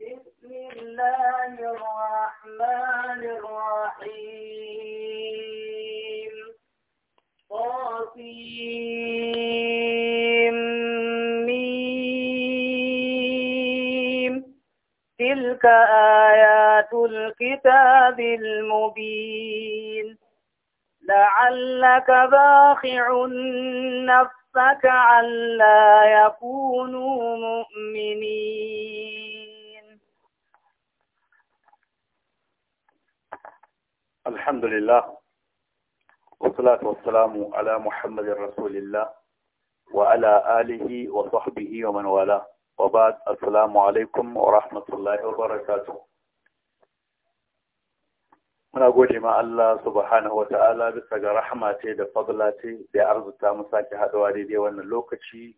بسم الله الرحمن الرحيم قاسم تلك آيات الكتاب المبين لعلك باخع نفسك ربك علا يكونوا مؤمنين الحمد لله والصلاة والسلام على محمد رسول الله وعلى آله وصحبه ومن والاه وبعد السلام عليكم ورحمة الله وبركاته muna gode ma Allah subhanahu wa ta'ala bisa ga rahama ce da fadla ce da arzuta mu sake haɗuwa daidai wannan lokaci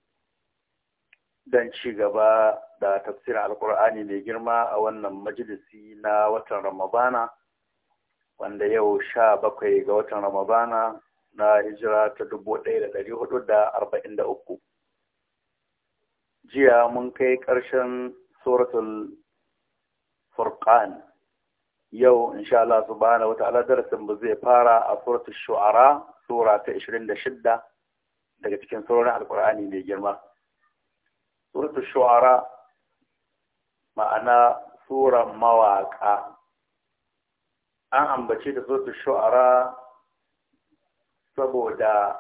don ci gaba da tafsirin alkur'ani mai girma a wannan majalisi na watan ramadana wanda yau sha bakwai ga watan ramadana na hijira ta dubu ɗaya da ɗari hudu da arba'in da uku jiya mun kai ƙarshen suratul furqan yau insha Allah subhanahu wa ta'ala darasin mu zai fara a suratu shu'ara sura ta 26 daga cikin surorin alqur'ani mai girma suratu shu'ara ma'ana suran mawaka an ambace da suratu shu'ara saboda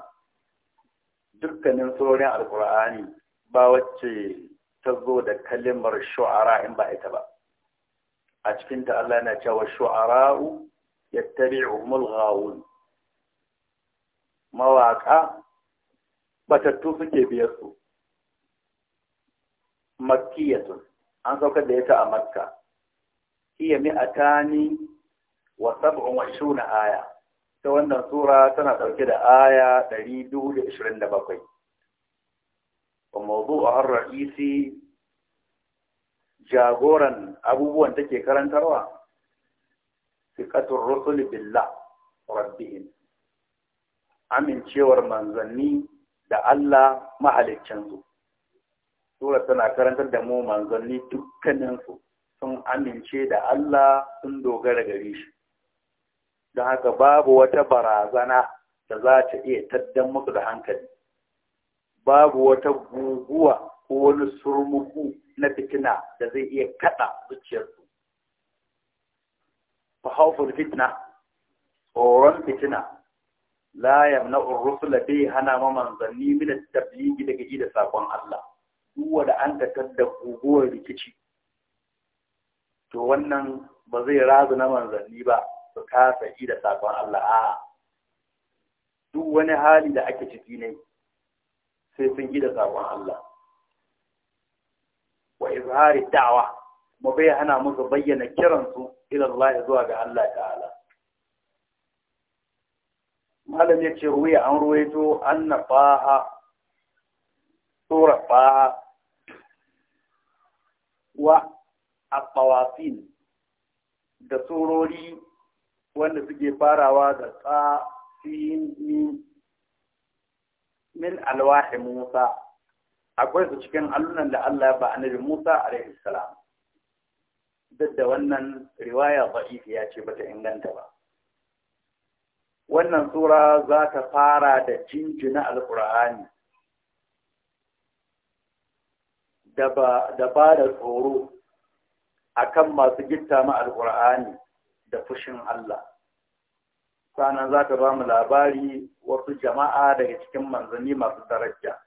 dukkanin surorin alqur'ani ba wacce ta zo da kalimar shu'ara in ba ita ba a cikin ta Allah yana cewa shu'ara'u yattabi'uhumul ghawun mawaka batattu suke biyar su makkiyatun an saukar da ita a makka hiya mi'atani wa sab'un wa shuna aya ta wannan sura tana dauke da aya 227 wa mawdu'u ar-ra'isi jagoran abubuwan take karantarwa fiqatur rusul billah rabbihim amincewar manzanni da Allah mahaliccinsu sura tana karantar da mu manzanni dukkaninsu sun amince da Allah sun dogara gare shi don haka babu wata barazana da za ta iya taddan musu da hankali babu wata guguwa ko wani surmuku na fitina da zai iya kada zuciyarsu fa haufin fitna tsoron fitina la na ar bai hana ma manzanni min at daga ji da sakon Allah duk da an ka tadda guguwar rikici to wannan ba zai razu na manzanni ba su kasa yi da sakon Allah a duk wani hali da ake ciki ne sai sun yi da sakon Allah wa izhari da'wa mu bai hana musu bayyana kiransu ila Allah zuwa ga Allah ta'ala malam ya ce ruwaya an ruwaito anna fa'a sura fa'a wa aqawafin da surori wanda suke farawa da tsa min alwahi Musa akwai su cikin allunan da Allah ba annabi Musa alaihi salam duk da wannan riwaya da'ifi ya ce bata inganta ba wannan sura za ta fara da jinjina alqur'ani da ba da tsoro akan masu gitta ma alqur'ani da fushin Allah sannan za ta ba mu labari wasu jama'a daga cikin manzanni masu daraja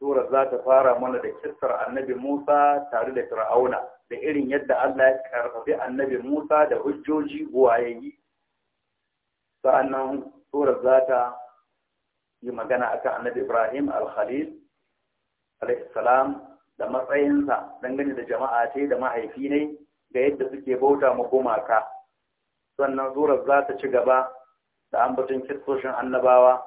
sura za ta fara mana da kissar annabi Musa tare da Fir'auna da irin yadda Allah ya karfafi annabi Musa da hujjoji buwayayi sa'annan sura za ta yi magana akan annabi Ibrahim al-Khalil salam da matsayinsa dangane da jama'a ce da mahaifi ne ga yadda suke bauta ma gumaka sannan surar za ta ci gaba da ambaton kistoshin annabawa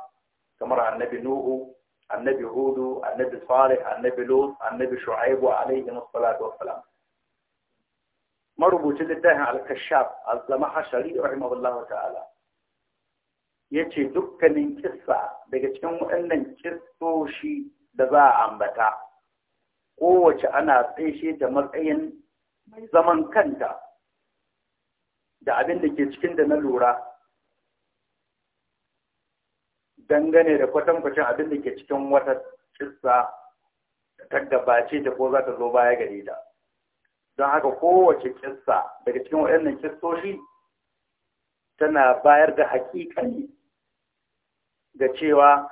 kamar annabi Nuhu annabi hudu annabi salih annabi lut annabi shu'aibu alaihi wassalatu wassalam marubucin littafin al-kashaf az-zamahshari rahimahullahu ta'ala yace dukkanin kissa daga cikin waɗannan kissoshi da za a ambata kowace ana tsaishe da matsayin mai zaman kanta da abin da ke cikin da na lura dangane da kwatankwacin abin da ke cikin wata kissa ta gabace da ko za ta zo baya gare ta don haka kowace ƙisa daga cikin waɗannan kissoshi tana bayar da haƙiƙani ga cewa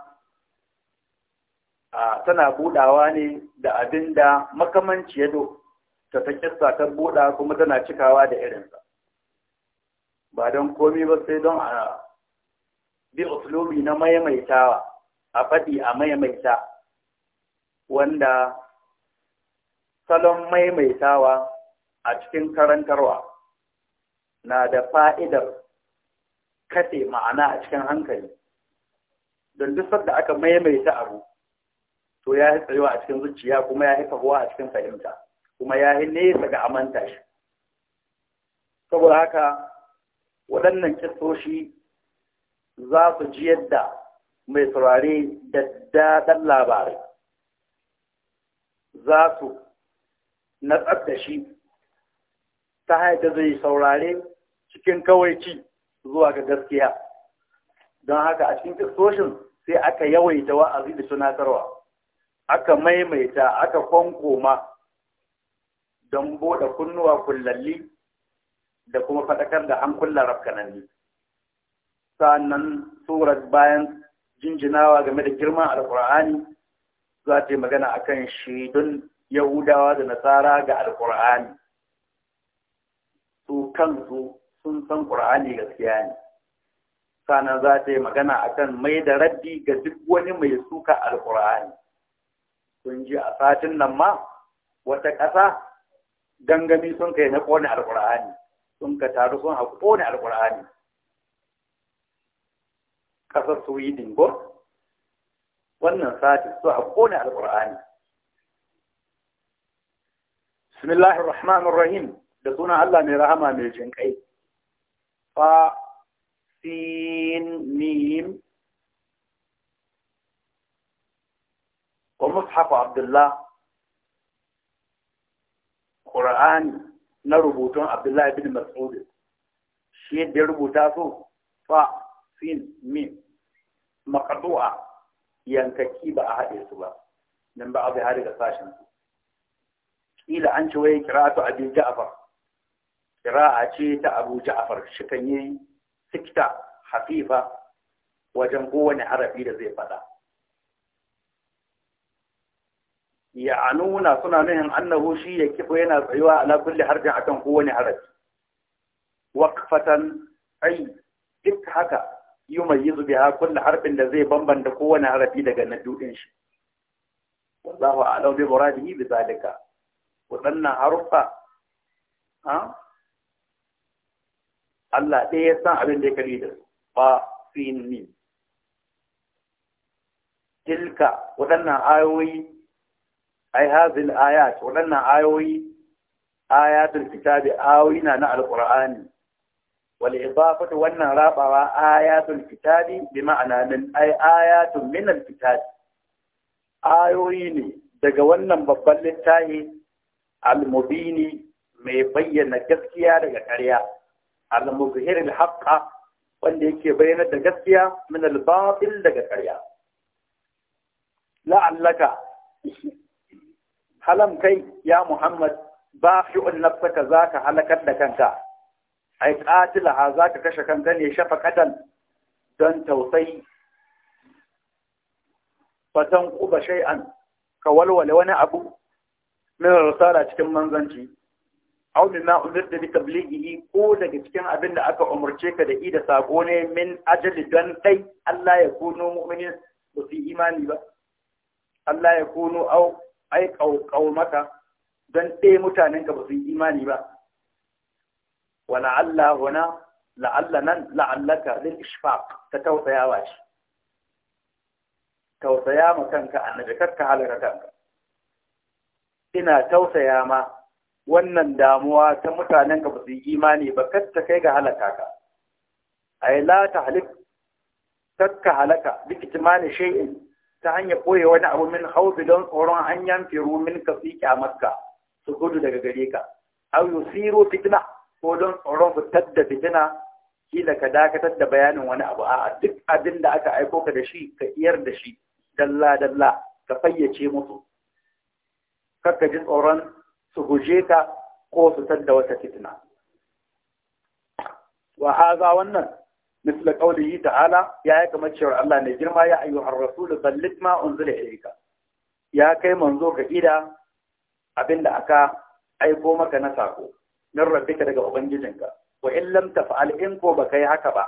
tana buɗawa ne da abin da makamanci ya ta ta kissa ta buɗa kuma tana cikawa da irinsa ba don komi ba sai don a bi uslubi na maimaitawa a faɗi a maimaita wanda salon maimaitawa a cikin karantarwa na da fa'idar katse ma'ana a cikin hankali don duk da aka maimaita abu to ya yi a cikin zuciya kuma ya yi a cikin fahimta kuma ya yi nesa ga amanta shi saboda haka waɗannan kistoshi za su ji yadda mai saurare da daɗin labarai za su na da ta haida zai saurare cikin kawai ci zuwa ga gaskiya don haka a cikin tsoshin sai aka yawaita wa'azi da tunatarwa aka maimaita aka kwankoma don buɗe kunnuwa kullalli da kuma faɗakar da an kulla rafkananni sannan surar bayan jinjinawa game da girman alkur'ani za ta yi magana a akan shaidun yahudawa da nasara ga alkur'ani su kansu sun san ƙur'ani gaskiya ne sannan za ta yi magana a kan mai da rabbi ga duk wani mai suka alkur'ani sun ji a satin nan ma wata ƙasa gangami sun kai na ƙone alkur'ani sun ka taru sun haƙo ne alkur'ani ƙasar sweden ko wannan sati su a ƙone alƙur'ani bismillahir rahmanir rahim da sunan Allah mai rahama mai jinƙai fa sin mim wa mushafu abdullah qur'ani na rubutun abdullah ibn mas'ud shi da rubuta su fa sin mim makaduwa yankaki ba a haɗe su ba nan ba a bai hari da sashen su ila an kira ta abin ja'afar kira a ce ta abu ja'afar shi kan yi sikta hafifa wajen kowane harafi da zai faɗa ya nuna suna nuhin annahu shi ya kifo yana tsayuwa ala kulli harfin akan kowane harafi Wakfatan ai duk haka يميز بها كل إن لذي بمبن دقونا عرفي لغن الدودين شي والله أعلم بمراده بذلك وظلنا حرفا ها الله دي يسان عبن دي كريد فا فين مين تلك وظلنا آيوي أي هذه الآيات وظلنا آيوي آيات الكتاب آوينا نعلى القرآن wal idafatu wannan rabawa ayatul kitabi bi ma'ana min ay ayatun min al kitabi ayoyi ne daga wannan babban littafi al mubini mai bayyana gaskiya daga ƙarya al muzhir al wanda yake bayyana da gaskiya min al batil daga ƙarya la'allaka halam kai ya muhammad ba shi'un nafsaka zaka halakar da kanka ai qatilaha zaka kashe kanka ne shafaqatan dan tausayi fatan quba shay'an ka walwala wani abu min risala cikin manzanci aw mimma umirta bi tablighihi ko daga cikin abin da aka umurce ka da ida sako ne min ajali dan kai Allah ya kuno mu'minin ba su imani ba Allah ya kuno au ai kaukaumaka dan dai mutanen ka ba su imani ba ولعل هنا لعل من لعلك للإشفاق تتوفى يا واش توفى يا ما كانك أن جكتك على ركانك توفى يا ما wannan damuwa ta mutanenka ba su yi imani ba katta kai ga halaka ka ay la tahlif takka halaka imani shay'in ta hanya koye wani abu min khawfi don tsoron hanyar firu min ka fi kyamarka su gudu daga gare ka aw yusiru fitna ko don tsoron fitar da fitina kila ka dakatar da bayanin wani abu a duk abin da aka aiko ka da shi ka iyar da shi dalla dalla ka fayyace musu ka ji tsoron su guje ka ko su tadda wata fitina wa haza wannan misla qawlihi ta'ala ya yi kamar cewa Allah ne girma ya ayyuhar rasul balligh ma unzila ilayka ya kai manzo ka ida abinda aka aiko maka na sako min rabbika daga ubangijinka wa in lam taf'al in ko baka yi haka ba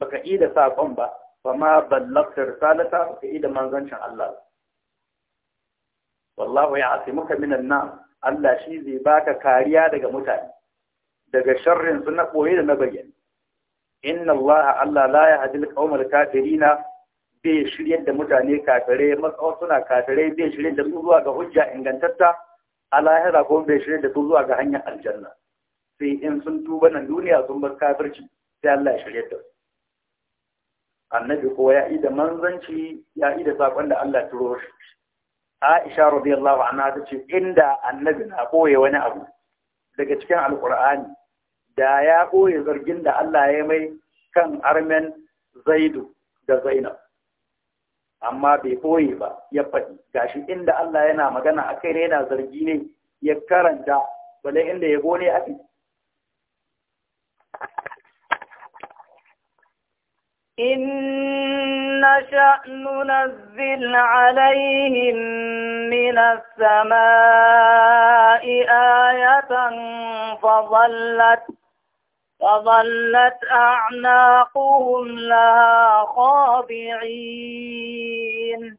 baka yi da sakon ba fa ma ballagta risalata baka yi da manzancin Allah wallahu ya'simuka min anna Allah shi zai baka kariya daga mutane daga sharrin su na boye da na bayyana inna Allah Allah la yahdi al-qawma kafirina bai shiryar da mutane kafirai matsawar suna kafirai bai shiryar da su zuwa ga hujja ingantatta a lahira ko bai shirya da sun zuwa ga hanyar aljanna sai in sun tuba nan duniya sun bar kafirci sai Allah ya shirya da su annabi ko ya ida manzanci ya ida sakon da Allah turo shi Aisha radiyallahu anha ta ce inda annabi na koye wani abu daga cikin alqur'ani da ya koye zargin da Allah ya mai kan armen Zaidu da Zainab amma bai koye ba ya faɗi gashi inda Allah yana magana a kai yana zargi ne ya karanta bale inda ya gone a fi إن نشأ ننزل عليهم من السماء ayatan فظلت فظلت أعناقهم لها خاضعين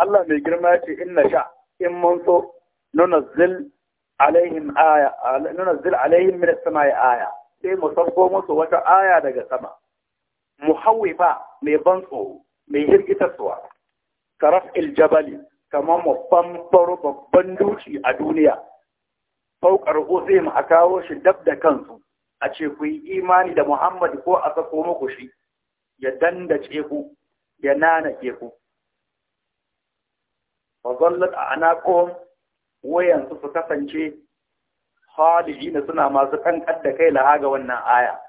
الله من جرماتي إن شاء إن منصر ننزل عليهم آية ننزل عليهم من السماء آية sai mu sauko musu wata aya daga sama muhawwifa mai ban tsoro mai hirgitarsuwa karaf jabali kamar mu babban duki a duniya fauƙar uzim a kawo shi dab da kansu a ce ku yi imani da Muhammad ko a sako muku shi ya dandace ku ya nanake ku fa zallat a anaqum wayan su kasance khalidina suna masu kankan da kai laha ga wannan aya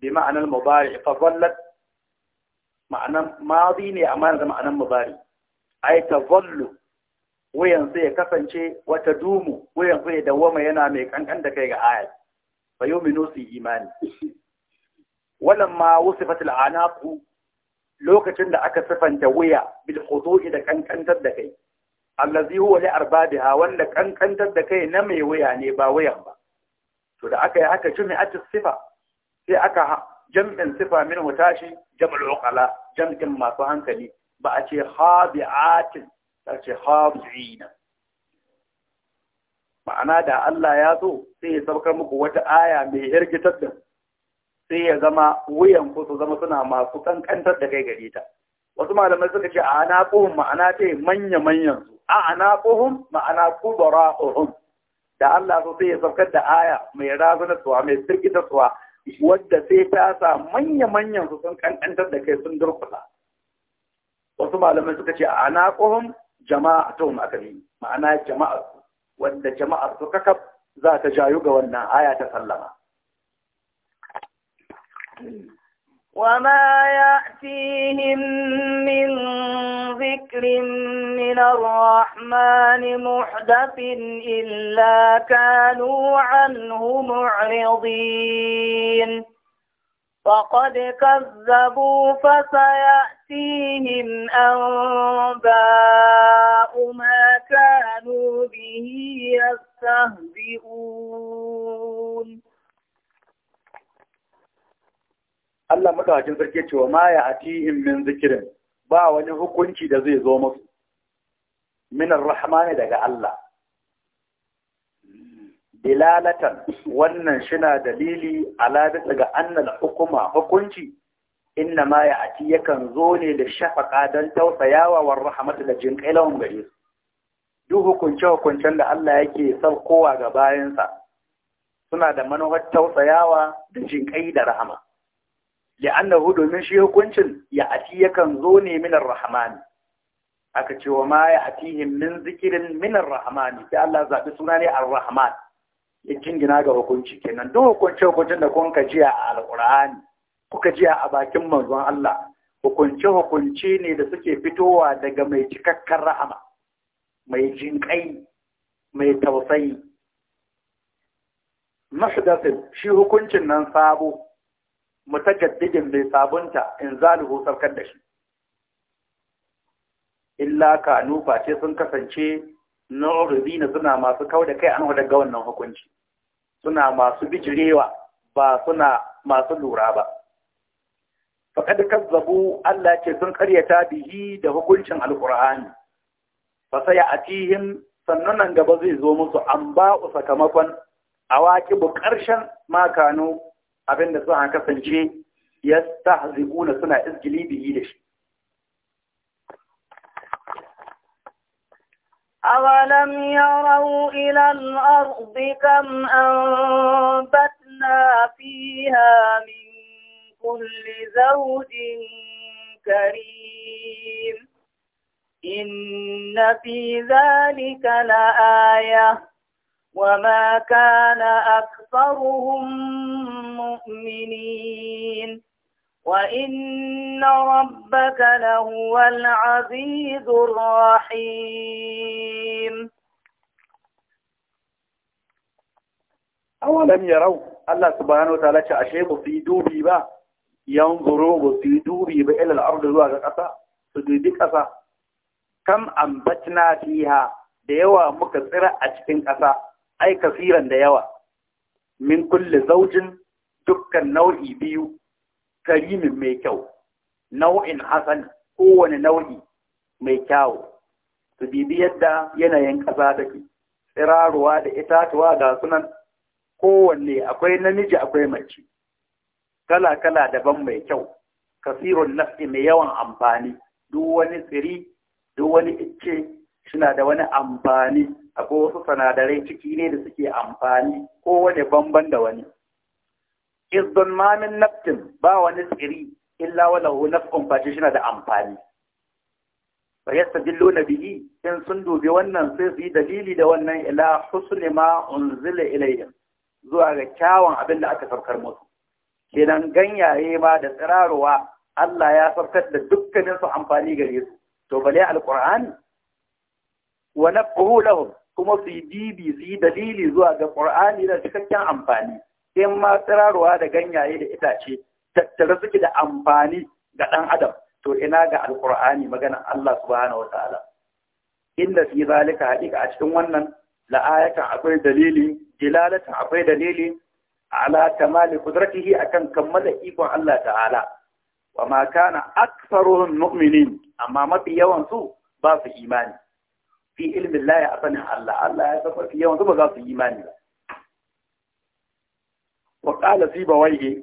bi ma'anar mubari fa zallat ma'anan madi ne amma da ma'anan mubari ai tazallu wuyansu ya kasance wata dumu wuyansu ya dawoma yana mai kankan da kai ga ayat fa yu'minu su imani walamma wusifatil anaqu lokacin da aka sifanta wuya bil khudu'i da kankantar da kai allazi huwa li arbabiha wanda kankantar da kai na mai wuya ne ba wuyan ba to da aka yi haka jumi'at sifa sai aka jam'in sifa min hutashi jam'ul uqala jam'in masu hankali ba a ce khabi'atin ta ce hafi'ina ma'ana da Allah ya so sai ya saukar muku wata aya mai hirgitar da sai ya zama wuyan ku su zama suna masu kankantar da kai gare ta wasu malamai suka ce a ana kohun ma'ana ce manya manyan su a ana kohun ma'ana kubara ohun da Allah so sai ya saukar da aya mai razanarwa mai firgitarwa wadda sai ta sa manya manyan su sun kankantar da kai sun durƙusa. wasu malamai suka ce a ana kohun jama'a ta aka yi ma'ana jama'ar wanda jama'ar su kakaf za ta jayu ga wannan aya ta sallama وما يأتيهم من ذكر من الرحمن محدث إلا كانوا عنه معرضين فقد كذبوا فسيأتيهم أنباء ما كانوا به يستهزئون Allah madawacin sarki cewa ma ya atihim min zikirin ba wani hukunci da zai zo musu minar rahmani daga Allah dilalatan wannan shina dalili ala bisa ga annal hukuma hukunci inna ma ya ati yakan zo ne da shafaka don tausayawa wa rahmatu da jin kailawan gare su duk hukunce hukuncen da Allah yake saukowa ga bayansa suna da manufar tausayawa da jin kai da rahama ya annahu domin shi hukuncin ya ati yakan zo ne minar rahmani aka ce wa ma ya atihim min zikirin minar rahmani sai Allah zabi suna ne ar-rahman ya jingina ga hukunci kenan duk hukunce hukuncin da kun kaji a alƙur'ani kuka ji a bakin manzon Allah hukunce hukunce ne da suke fitowa daga mai cikakken rahama mai jinƙai mai tausayi mahdathin shi hukuncin nan sabo mutajaddidin bai sabunta in zalihu sarkar da shi illa kanu face sun kasance na rubina suna masu kau da kai an hu ga wannan hukunci suna masu bijirewa ba suna masu lura ba faqad kazzabu Allah ce sun karyata bihi da hukuncin alqur'ani fa sayatihim sannan nan gaba zai zo musu an ba'u sakamakon awaki bu karshen makano abinda suka kasance yastahziquna suna izgili bihi da shi أولم يروا إلى الأرض كم أنبتنا فيها من كل زوج كريم إن في ذلك لآية وما كان أكثرهم مؤمنين وإن ربك لهو العزيز الرحيم أولم يروا الله سبحانه وتعالى أشيء في بي با ينظروا في بي با إلى الأرض الواقع قصة سجد قصة كم أنبتنا فيها ديوا مكسرة أجتن قصة أي كثيرا ديوا من كل زوج دكا نوعي بيو karimin mai kyau nau'in hasan kowane nau'i mai kyawu su bibi yadda yanayin ƙasa ke. tsiraruwa da itatuwa ga sunan kowanne akwai namiji akwai mace kala-kala daban mai kyau kasirun nafi mai yawan amfani duk wani tsiri duk wani icce suna da wani amfani akwai wasu sanadarai ciki ne da suke amfani kowane bamban da wani izdon mamin naftin ba wani tsiri illa wala hu naf'un face shi na da amfani fa yastadillu bihi in sun dubi wannan sai su yi dalili da wannan ila husni ma unzila ilayhim zuwa ga kyawun abin da aka saukar musu kenan ganyaye ma da tsirarwa Allah ya saukar da dukkanin su amfani gare su to bale alqur'ani wa naf'uhu lahum kuma su yi bibi su yi dalili zuwa ga Al-ƙur'ani da cikakken amfani in ma tsirarwa da ganyaye da itace tattare suke da amfani ga ɗan adam to ina ga alƙur'ani maganar Allah subhanahu wa ta'ala inda fi zalika haƙiƙa a cikin wannan la'ayatan akwai dalili dilalatan akwai dalili ala kamali qudratihi akan kammala ikon Allah ta'ala wa ma kana aktharuhum mu'minin amma mafi yawan su ba su imani fi ilmin Allah ya sanin Allah Allah ya san mafi yawan su ba za su imani ba wa ƙala sibawaihe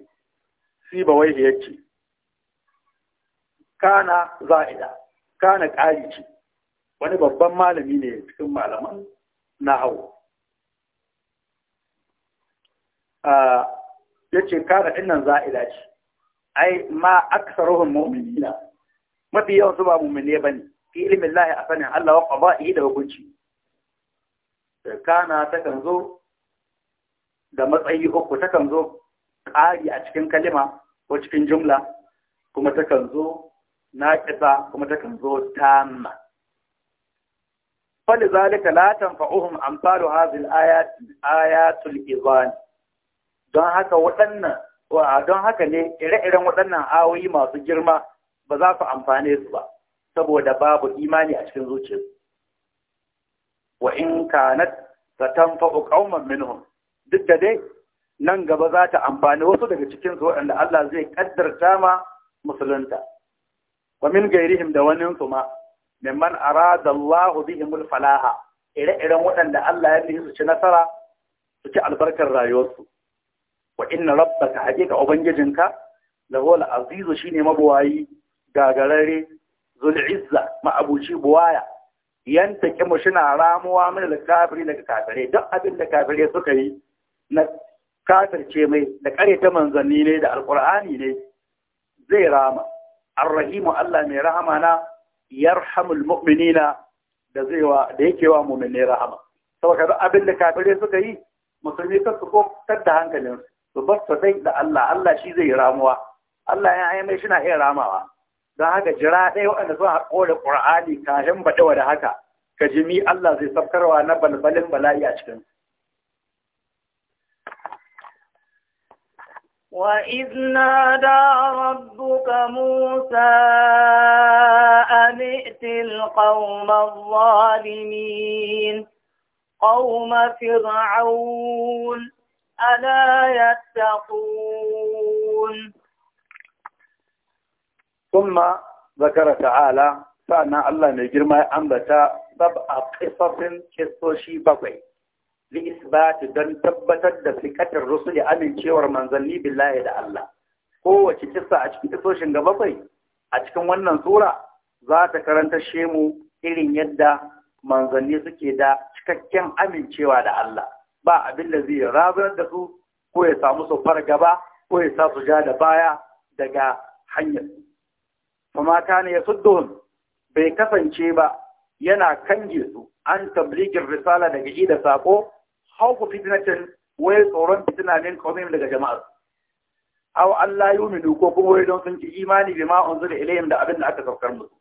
sibawaihe ya ce kana za'ida kana ƙari wani babban malami ne cikin malaman na hau ya ce kana ɗinnan za'ida ce ai ma aksaruhun mu'minina mafi yawan su ba mu'mine ba ne fi ilimin lahi a sanin Allah wa iya da hukunci kana ta kan zo da matsayi uku takan zo ƙari a cikin kalima ko cikin jumla kuma takan zo naƙisa kuma takan zo tamma fali zalika la tanfa'uhum amsalu hadhihi al-ayat ayatul izan don haka waɗannan don haka ne ire-iren waɗannan ayoyi masu girma ba za su amfane su ba saboda babu imani a cikin zuciyarsu wa in kanat satanfa'u qauman minhum duk da dai nan gaba za ta amfani wasu daga cikin su waɗanda Allah zai kaddarta ma musulunta wa min gairihim da wani su ma mimman arada Allah bihimul falaha ire-iren waɗanda Allah ya yi su ci nasara su ci albarkar rayuwarsu wa inna rabbaka haqiqa ubangijinka lahu al-azizu shine mabuwayi gagarare zul'izza ma'abuci buwaya yanta kimu shina ramuwa min al-kafiri daga kafirai duk abin da kafirai suka yi na kafirce mai da kare ta manzanni ne da alkur'ani ne zai rama arrahimu Allah mai rahama na yarhamul mu'minina da zai wa da yake wa mu'minai rahama saboda da abin da kafirai suka yi musulmi ta su ko da hankalin su bar su dai da Allah Allah shi zai ramuwa Allah ya ayi shi na iya ramawa don haka jira ɗaya waɗanda sun haƙo da ƙur'ani kafin baɗewa da haka ka jimi Allah zai saukarwa na balbalin bala'i a cikinsu. وإذ نادى ربك موسى أن ائت القوم الظالمين قوم فرعون ألا يتقون ثم ذكر تعالى فأنا الله نجرم أنبتا سبع قصص قصوشي بقي li isbat dan tabbatar da rasu da amincewar manzanni billahi da Allah kowace kissa a cikin kisoshin gaba bai a cikin wannan sura za ta karanta shemu irin yadda manzanni suke da cikakken amincewa da Allah ba abin da zai rabar da su ko ya samu su gaba, ko ya sa su ja da baya daga hanyar kuma kana ya suddun bai kasance ba yana kange su an tabligin risala daga ida da sako hauku fitnatin wai tsoron fitina min qawmin daga jama'ar Hau Allah yu'minu ko kuma wai don sun ci imani bima unzila ilayhim da abin da aka saukar musu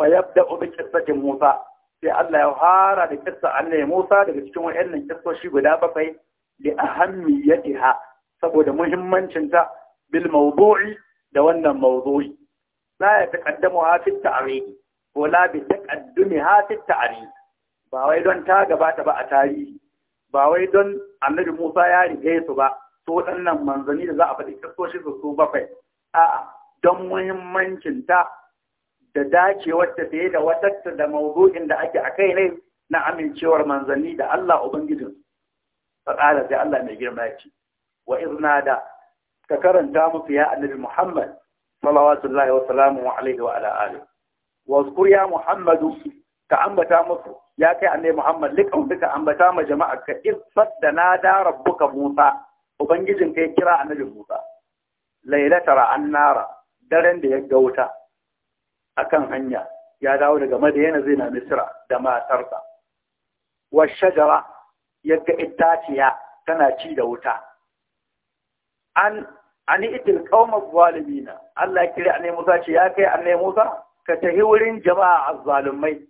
fa yabda'u bi qissati Musa sai Allah ya fara da kissa annabi Musa daga cikin wayannan kissoshi guda bakwai li ahammiyatiha saboda muhimmancinta bil mawdu'i da wannan mawdu'i la yataqaddamuha fi at-ta'rif wala bi taqaddumiha fi at-ta'rif ba wai don ta gabata ba a tarihi ba wai don annabi Musa ya rige su ba su waɗannan manzanni da za a faɗi kasoshi su su bakwai a'a don muhimmancinta da dacewar ta fiye da watatta da mawdu'in da ake a kai ne na amincewar manzanni da Allah ubangijin fa sai Allah mai girma ya ce wa ka karanta musu ya annabi Muhammad sallallahu wa salamu alaihi wa ala alihi wa ya Muhammadu ka ambata musu ya kai annabi Muhammad liqau duka ambata ma jama'a ka izzat da nada rabbuka Musa ubangijin kai kira annabi Musa lailatara annara daren da ya ga wuta akan hanya ya dawo daga Madina zai na Misra da matarsa wa shajara ya ga ittaciya tana ci da wuta an an itil qauma zalimina Allah kira annabi Musa ce ya kai annabi Musa ka tahi wurin jama'a azzalumai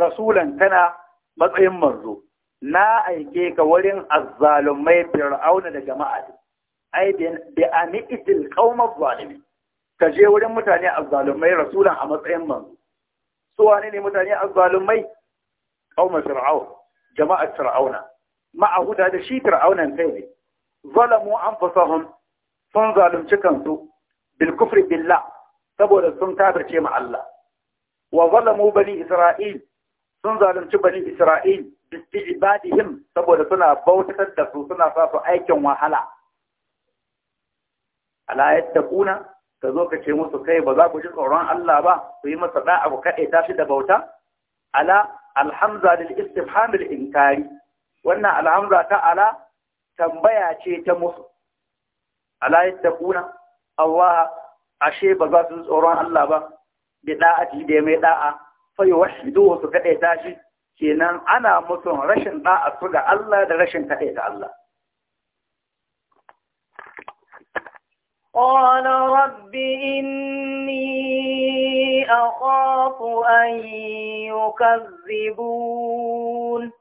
rasulan tana matsayin manzo na aike ka wurin azzalumai fir'auna da jama'a ai bi ani'til qauma zalimi ka je wurin mutane azzalumai rasulan a matsayin manzo su wane ne mutane azzalumai qauma fir'aun jama'a fir'auna ma'ahu da shi fir'aunan kai ne zalamu anfusahum sun zalunci kansu bil kufri billah saboda sun kafirce ma Allah wa zalamu bani isra'il sun zalunci bani Isra'il bi ibadihim saboda suna bautar da su suna sa su aikin wahala ala kuna ka zo ka ce musu kai ba za ku ji tsoron Allah ba ku yi masa da'a ku kaɗe ta shi da bauta ala alhamza lil istifham inkari wannan alhamza ta ala tambaya ce ta musu ala kuna Allah ashe ba za su tsoron Allah ba bi ji da mai da'a فيوحدوه في فئة داشي أنا مطلع رشن داء أطلق الله دا رشن كأيه الله قال رب إني أخاف أن يكذبون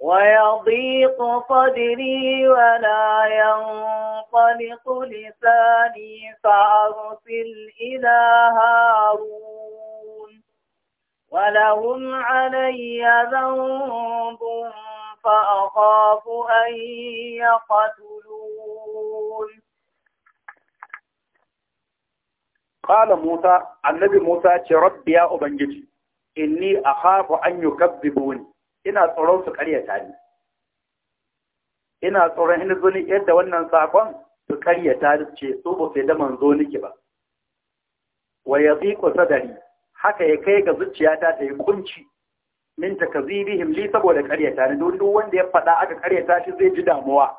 ويضيق صدري ولا ينطلق لساني فأرسل إلى هارون ولهم علي ذنب فأخاف أن يقتلون قال موسى النبي موسى رب يا أبنجي إني أخاف أن يكذبوني ina tsoron su karyata ni ina tsoron in zo ni yadda wannan sakon su karyata ce su ba sai da manzo niki ba wa yadhiqu sadari haka ya kai ga zuciyata ta yi kunci min takzibihim li saboda ƙaryata ni duk wanda ya faɗa aka ƙaryata shi zai ji damuwa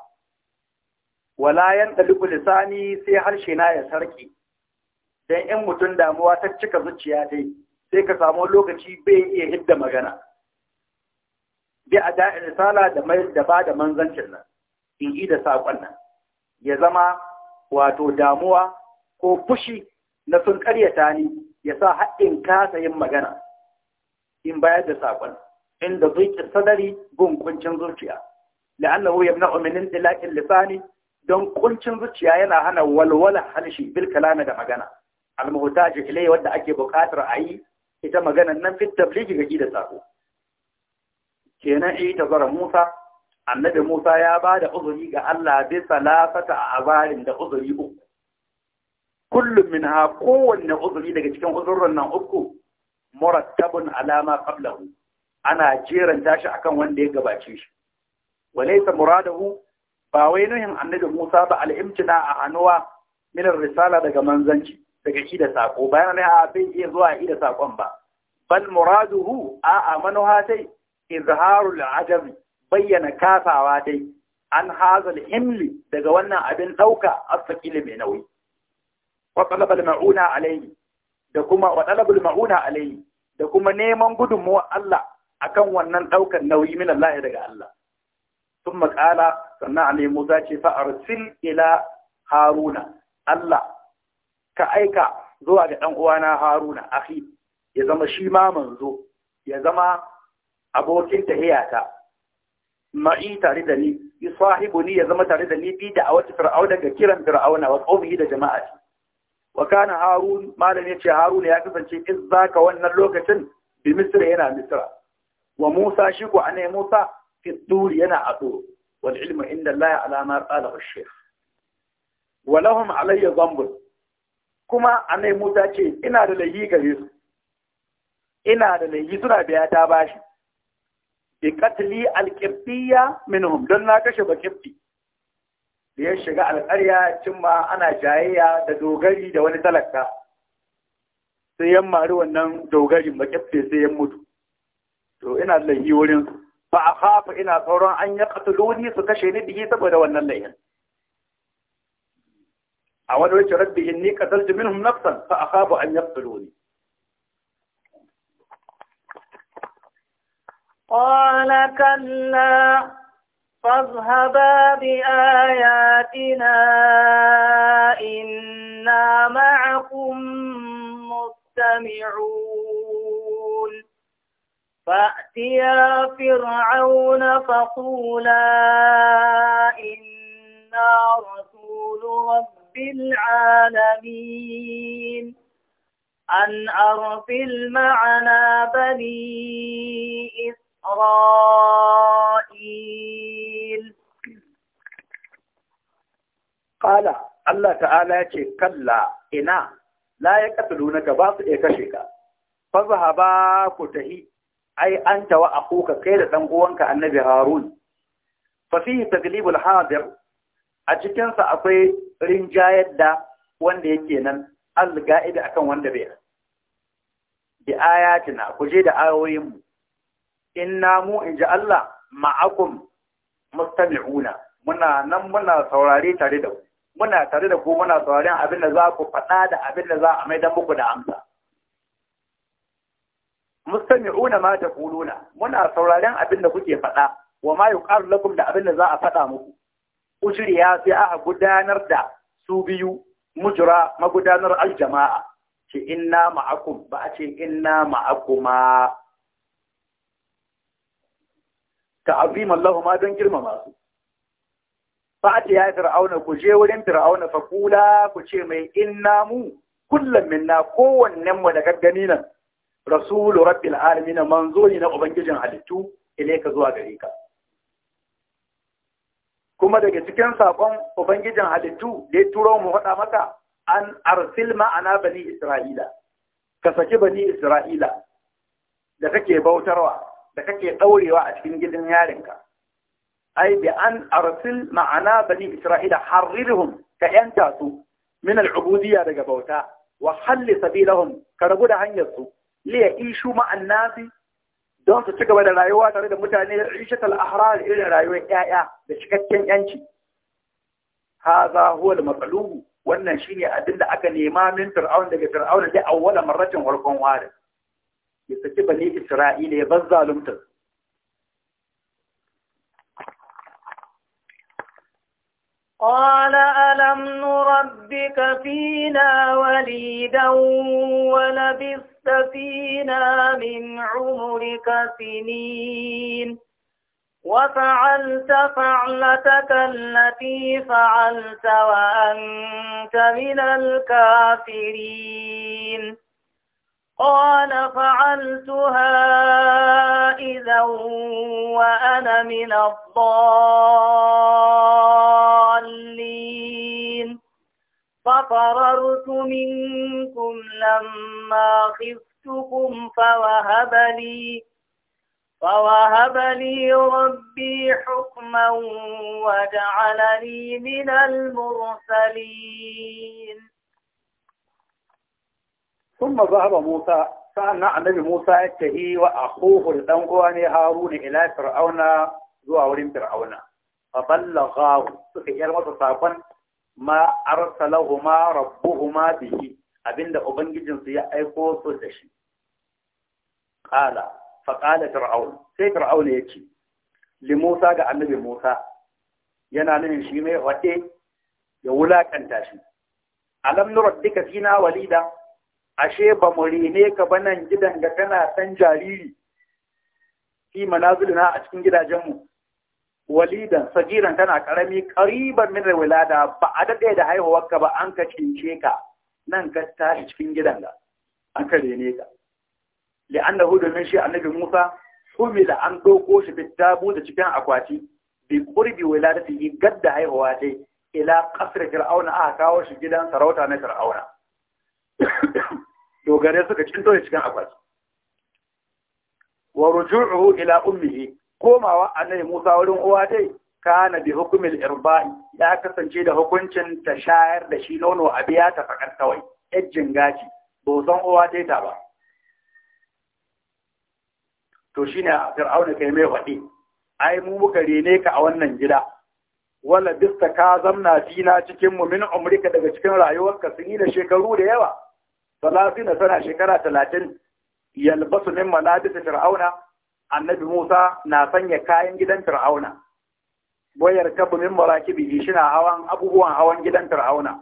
wala yan talibu lisani sai harshe na ya sarki dan in mutun damuwa ta cika zuciya dai sai ka samu lokaci bai iya hidda magana bi ada risala da mai da ba da manzancin nan in yi da sakon nan ya zama wato damuwa ko fushi na sun ƙaryata ni ya sa haɗin kasa yin magana in bayar da saƙon inda zuƙi sadari gun kuncin zuciya la'annahu yamna'u min intilaqil lisani don kuncin zuciya yana hana walwala halshi bil kalami da magana al muhtaj ilai wanda ake buƙatar a yi ita maganan nan fit tabligi ga gida sako kenan ta tazara Musa annabi Musa ya ba da uzuri ga Allah bi lafata a abarin da uzuri uku kullum min ha kowanne uzuri daga cikin uzurran nan uku murattabun alama qablahu ana jeran tashi akan wanda ya gabace shi walaysa muradahu ba wai nuhin annabi Musa ba al-imtina a anuwa min risala daga manzanci daga shi da sako bayan ne a bai iya zuwa yi da sakon ba bal muraduhu a manuha dai izharul ajabi bayyana kasawa dai an hazal himli daga wannan abin dauka asfaqili mai nauyi wa talabal ma'una alayhi da kuma neman gudunmuwa Allah akan wannan daukar nauyi min Allah daga Allah sun makala sannan annabi Musa ce fa arsil Haruna Allah ka aika zuwa ga dan uwana Haruna akhi ya zama shi ma manzo ya zama abokin tahiyata ma'i tare ni ya zama tare da ni bi da a wata fir'auna ga kiran fir'auna wa qaumihi da jama'ati wa kana harun malam yace harun ya kasance in zaka wannan lokacin bi misra yana misra wa musa shi ko anai musa fi duri yana tsoro wal ilmu inda Allah ala ma qala ash-shaykh wa lahum alayya dhanb kuma anai musa ce ina da layi gare su ina da layi suna biya ta bashi bi qatli al minhum don na kashe ba qibti da ya shiga alƙarya cimma ana jayayya da dogari da wani talaka sai yan mari wannan dogarin makyafe sai yan mutu to ina lahi wurin ba a fafa ina tsoron an ya katuloni su kashe ni bihi saboda wannan layin a wani wacce rabbi inni qataltu minhum nafsan a akhafu an yaqtuluni قال كلا فاذهبا بآياتنا إنا معكم مستمعون فأتيا فرعون فقولا إنا رسول رب العالمين أن أرسل معنا بني إسرائيل Kala, Allah ta'ala ya ce, Kalla, ina, la ya ƙasa ba su iya kashe ka. Fasaha ba ku tahi, ai, an tawa a kuka kai da ɗan uwanka annabi Harun. Fasihi taglibul hadir, a cikinsa akwai rinjayar da wanda yake nan, al-ga'ida akan wanda bai Bi ayatina, ku je da ayoyinmu. Inna mu in ji Allah ma'akum mustami'una muna nan muna saurare tare da ku. muna tare da ku muna sauraron abin da za ku faɗa da abin da za a mai dan muku da amsa mustami'una ma kuluna. muna sauraren abin da kuke faɗa wa ma yuqalu lakum da abin da za a faɗa muku ya sai aka gudanar da su biyu mujra magudanar aljama'a ce inna ma'akum ba a ce inna ma'akuma ta'azim Allah ma don girmama su fa'ati ya fir'auna ku je wurin fir'auna fa kula ku ce mai inna mu kullum minna kowannen mu da gaggani nan rasulu rabbil alamin manzo ne na ubangijin halittu ka zuwa gare ka kuma daga cikin sakon ubangijin halittu da ya turo mu faɗa maka an arsil ma'ana bani isra'ila ka saki bani isra'ila da kake bautarwa da kake ɗaurewa a cikin gidan yarinka أي بأن أرسل معنا بني إسرائيل حررهم كأنتاسوا من العبودية رجبوتا وحل سبيلهم كربودا هنجسوا ليعيشوا مع الناس don su ci gaba da rayuwa tare da mutane da rishatal ahrar irin rayuwar ƴaƴa da cikakken yanci haza huwa al wannan shine abin da aka nema min fir'aun daga fir'aun da awwala marratin warkon ware ya saki bani isra'ila ya bazzalumta قال ألم نربك فينا وليدا ولبثت فينا من عمرك سنين وفعلت فعلتك التي فعلت وأنت من الكافرين قال فعلتها إذا وأنا من الضالين المصلين ففررت منكم لما خفتكم فوهب لي فوهب لي ربي حكما وجعلني من المرسلين ثم ذهب موسى فأنا النبي موسى اتهي وأخوه الأنقوان هارون إلى فرعون زوى فرعون فبلغاه suka yar masa sakon ma arsalahuma rabbuhuma bihi abinda ubangijin su ya aiko su da shi qala fa qala fir'aun sai fir'aun yace li Musa ga annabi Musa yana nuna shi mai wade ya wulakanta shi alam nuraddika fina walida ashe ba mu rene ka ba nan gidan ga kana san jariri fi manazilina a cikin gidajenmu walidan sagiran kana karami kariban min wilada ba a daɗe da haihuwarka ba an ka cince ka nan ka tashi cikin gidan da, an ka rene ka li'annahu domin shi annabi Musa da an doko shi bitabu da cikin akwati bi ta yi gadda haihuwa ta ila kasar fir'auna aka kawo shi gidan sarauta na fir'auna dogare suka cinto shi cikin akwati wa ruju'uhu ila ummihi komawa annabi Musa wurin uwa dai kana bi hukumil irba'i ya kasance da hukuncin ta shayar da shi nono a biya ta fakar kawai ejjin gaci bo san uwa dai ta ba to shine Fir'auna kai mai faɗi ai mu muka rene ka a wannan gida wala bista ka zamna fina cikin mu min umrika daga cikin rayuwarka sun yi da shekaru da yawa salafi sana shekara talatin yalbasu min malabisa fir'auna annabi Musa na sanya kayan gidan Fir'auna Boyar kabu min marakibi shina hawan abubuwan hawan gidan Fir'auna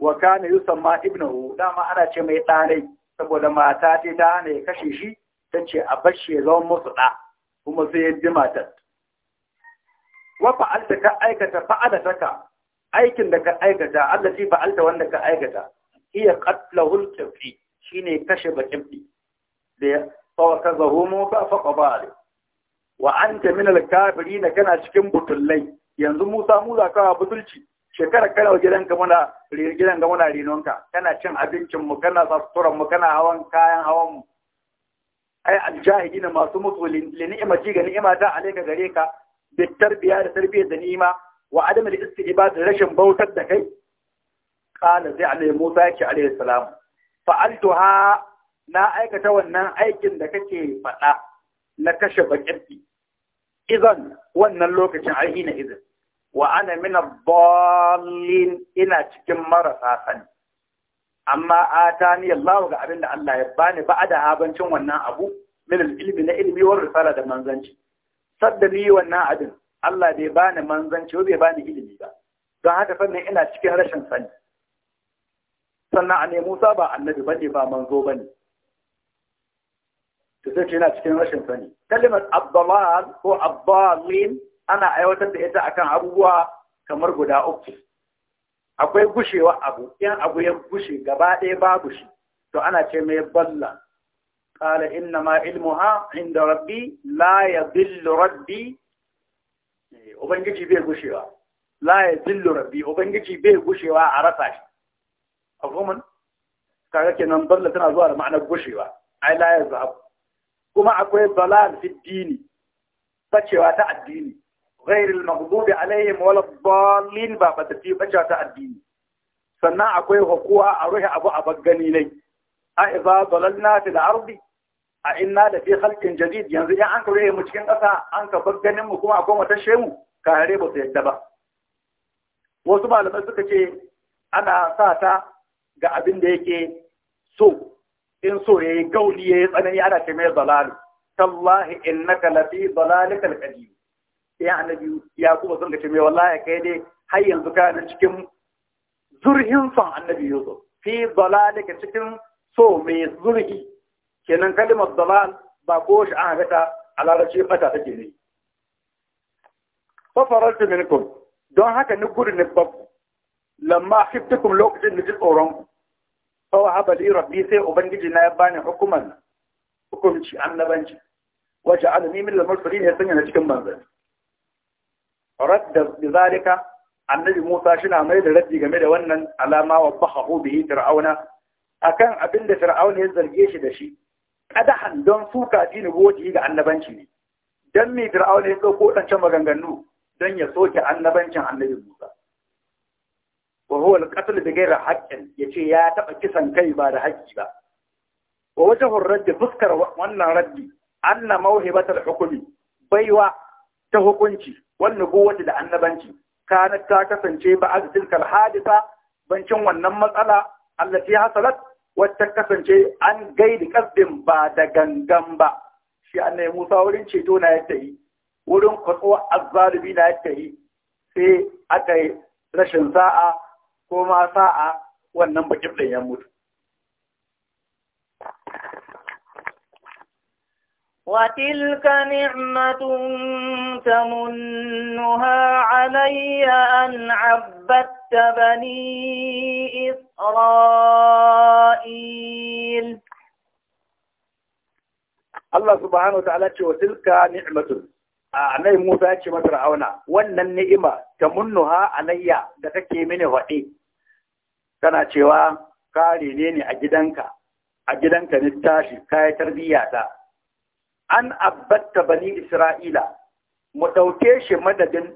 wa kana yusamma ibnuhu dama ana ce mai ɗanai saboda mata ce ta ne kashe shi tace a bashi ya zama musu da kuma sai ya jima ta. wa fa'alta ka aikata fa'alataka aikin da ka aikata allati fa'alta wanda ka aikata iya qatlahul qibti shine kashe bakin da فوكزه موسى فقضى وأنت من الكافرين kana cikin butullai yanzu Musa mu za ka butulci shekarar kana gidan ka muna gidan ka muna rinonka kana cin abincin mu kana sasuran mu kana hawan kayan hawan mu ai aljahidina masu mutu li ni'imati ga ni'ima ta alaika gare ka da tarbiya da tarbiyyar da ni'ima wa adam al istibad rashin bautar da kai qala sai alai Musa yake alaihi salam fa'altuha na aikata wannan aikin da kake faɗa na kashe baƙirki idan wannan lokacin ai na idan wa ana min dallin ina cikin marasa sani amma a atani Allah ga abinda Allah ya bani ba da habancin wannan abu min ilmi na ilmi wa risala da manzanci sadda ni wannan abin Allah bai bani manzanci bai bani ilimi ba don haka sannan ina cikin rashin sani sannan a Musa ba annabi bane ba manzo bane kasance sai yana cikin rashin sani kalimar abdalal ko abdalin ana aiwatar da ita akan abubuwa kamar guda uku akwai gushewa abu in abu ya gushe gaba ɗaya babu shi to ana ce mai balla qala inna ma ilmuha inda rabbi la yadhillu rabbi eh, ubangiji bai gushewa la yadhillu rabbi ubangiji bai gushewa a rasa shi a kaga kenan balla tana zuwa da ma'anar gushewa ai la yazhab kuma akwai Bala fi dini bacewa ta addini ghairil maghdubi alaihim wala dallin ba ba tafi bacewa ta addini sannan akwai hukuwa a ruhi abu a baggani ne a idza dalalna fil ardi a inna da fi khalqin jadid yanzu in an kare mu cikin ƙasa an ka bagganin mu kuma akwai ta shemu ka hare ba su yadda ba wasu malamai suka ce ana sa ta ga abin da yake so in so ya yi gauli ya yi tsanani ana ce mai zalalu tallahi innaka lafi zalalika alqadim ya annabi ya kuma zanga ce mai wallahi kai dai har yanzu ka da cikin zurhin son annabi yusuf fi zalalika cikin so mai zurhi kenan kalimar zalal ba ko shi an haka a larabci fata take ne fa faraltu minkum don haka ni gudu ni babu lamma hiftukum lokacin da ji tsoron ku fawa da li rabbi sai ubangiji na ya bani hukuman hukunci annabanci wace alimi min ne ya sanya na cikin manzanni radda bizalika annabi Musa shi na mai da raddi game da wannan alama wa bahahu bihi fir'auna akan abin da fir'auna ya zarge shi da shi kadahan don suka dini goji ga annabanci ne don me fir'auna ya dauko dan maganganu don ya soke annabancin annabi wa huwa al-qatl bi ghayri haqqin yace ya taba kisan kai ba da haƙƙi ba wa wata ar da fuskar wannan raddi anna mawhibatul hukumi, baiwa ta hukunci wal nubuwati da annabanci kana ta kasance ba az tilkal hadisa bancin wannan matsala allati hasalat wacce kasance an gaidi kasdin ba da gangan ba shi annai Musa wurin ceto na yadda yi wurin kwatsuwa azzalumi na yadda yi sai aka yi rashin sa'a ko ma sa'a wannan bakin ya mutu. وتلك نعمة تمنها علي أن عبدت بني إسرائيل الله سبحانه وتعالى وتلك نعمة أعني موسى يا فرعون وأن النعمة تمنها علي da مني mini kana cewa ka rene ne a gidanka a gidanka ni tashi kayan tarbiyya ta an abbatta bani isra'ila mu ɗauke shi madadin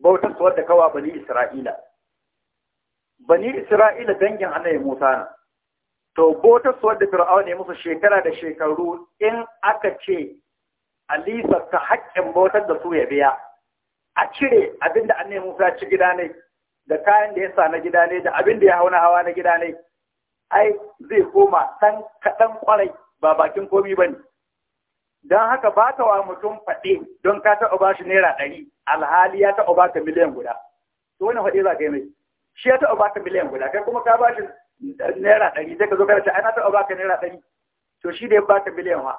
bautar su wadda kawa bani isra'ila bani isra'ila dangin annabi musa na to bautar su wadda fir'aun ne musu shekara da shekaru in aka ce alisa ka haƙƙin bautar da su ya biya a cire abinda annabi musa ci gida ne da kayan da ya sa na gida ne da abin da ya hau na hawa na gida ne ai zai koma san kaɗan kwarai ba bakin komi ba ne don haka ba ka wa mutum faɗe don ka taɓa ba shi naira ɗari alhali ya taɓa ba ka miliyan guda to wani faɗe za ka yi mai shi ya taɓa ba ka miliyan guda kai kuma ka ba shi naira ɗari sai ka zo kana ce na taɓa ba ka naira ɗari to shi da ya ba ka miliyan wa